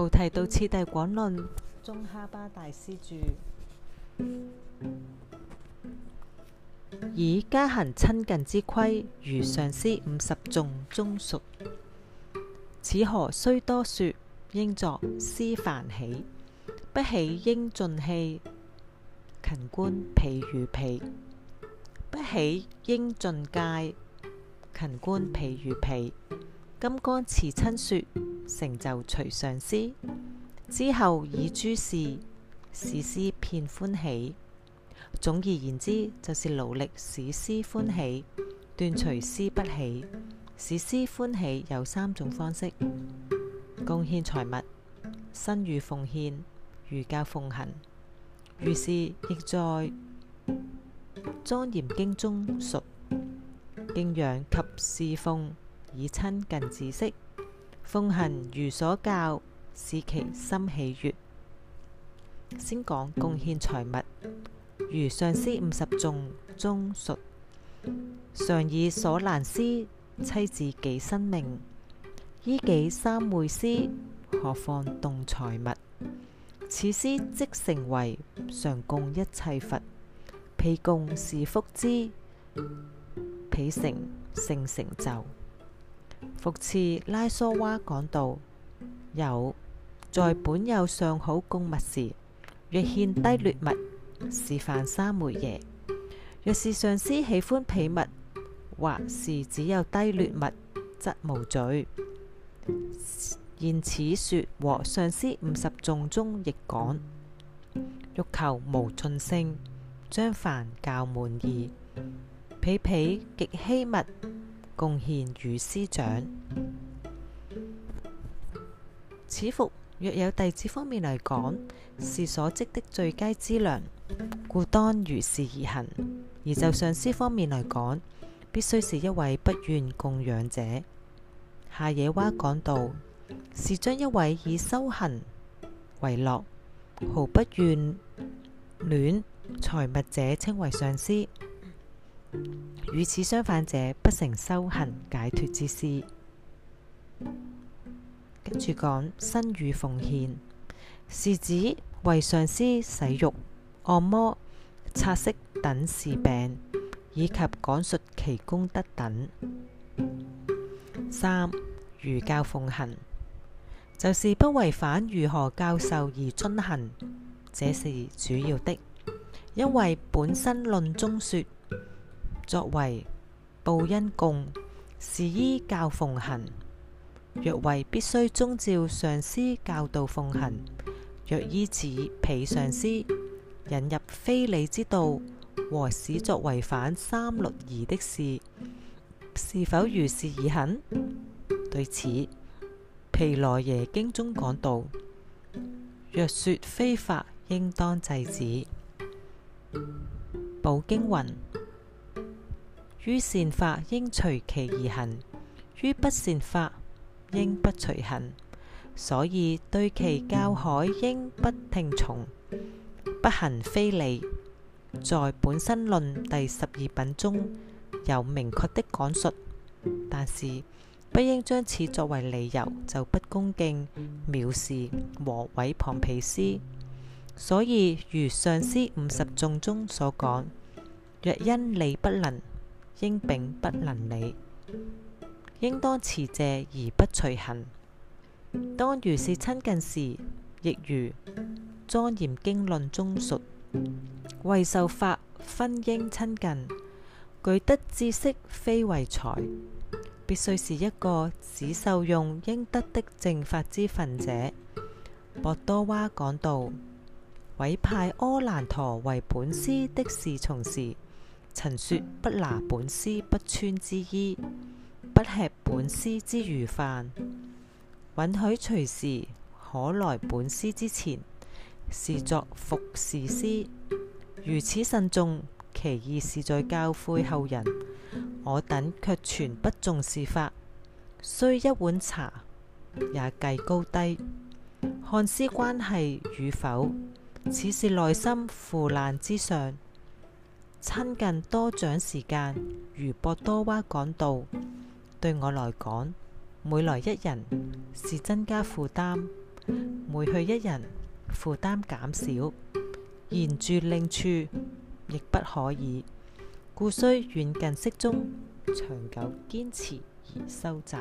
菩提道次第廣論，宗喀巴大師著。以家行親近之規，如上師五十眾中屬，此何須多說？應作思凡起，不喜應盡氣；勤官疲如皮，不喜應盡戒；勤官疲如皮。金剛持親說。成就隨上師之後，以諸事使師遍歡喜。總而言之，就是勞力使師歡喜，斷隨師不起。使師歡喜有三種方式：貢獻財物、身語奉獻、如教奉行。如是亦在莊嚴經中述敬仰及侍奉以親近知識，奉行如所教，使其心喜悅。先講貢獻財物，如上師五十頌中說，常以所難施，妻子己生命，依己三昧師，何況動財物？此施即成為常供一切佛，彼供是福之，彼成成成就。復次拉娑娃講道：有在本有上好供物時，若獻低劣物，是犯三昧耶；若是上司喜歡鄙物，或是只有低劣物，則無罪。現此說和上司五十眾中亦講，欲求無盡性，將凡較滿意，鄙鄙極，極稀密。」貢獻如師長，此佛若有弟子方面嚟講，是所積的最佳資糧，故當如是而行；而就上司方面嚟講，必須是一位不願供養者。夏野蛙講道：是將一位以修行為樂、毫不願戀財物者稱為上司。與此相反者，不成修行解脱之事。跟住講身與奉獻，是指為上司洗浴、按摩、擦拭等事病，以及講述其功德等。三如教奉行，就是不違反如何教授而遵行，這是主要的，因為本身論中說。作為報恩供是依教奉行，若為必須遵照上師教導奉行，若依止，彼上師引入非理之道和使作違反三律儀的事，是否如是以肯？對此，皮羅耶經中講道：若說非法，應當制止。寶經云。於善法應隨其而行，於不善法應不隨行，所以對其教誨應不聽從，不行非理。在《本生論》第十二品中有明確的講述，但是不應將此作為理由就不恭敬、藐視和毀謗彼師。所以如上師五十頌中所講，若因理不能。應並不能理，應當辭謝而不隨行。當如是親近時，亦如莊嚴經論中述：為受法分應親近，具得知識非為財。必須是一個只受用應得的正法之份者。博多哇講道：委派柯蘭陀為本師的侍從時，曾說：不拿本師不穿之衣，不吃本師之馀飯，允許隨時可來本師之前，是作服侍師。如此慎重，其意是在教誨後人。我等卻全不重視法，雖一碗茶也計高低，看師關係與否，此是內心腐爛之上。親近多長時間，如博多娃講道，對我來講，每來一人是增加負擔，每去一人負擔減少。沿住另處亦不可以，故需遠近適中，長久堅持而收集。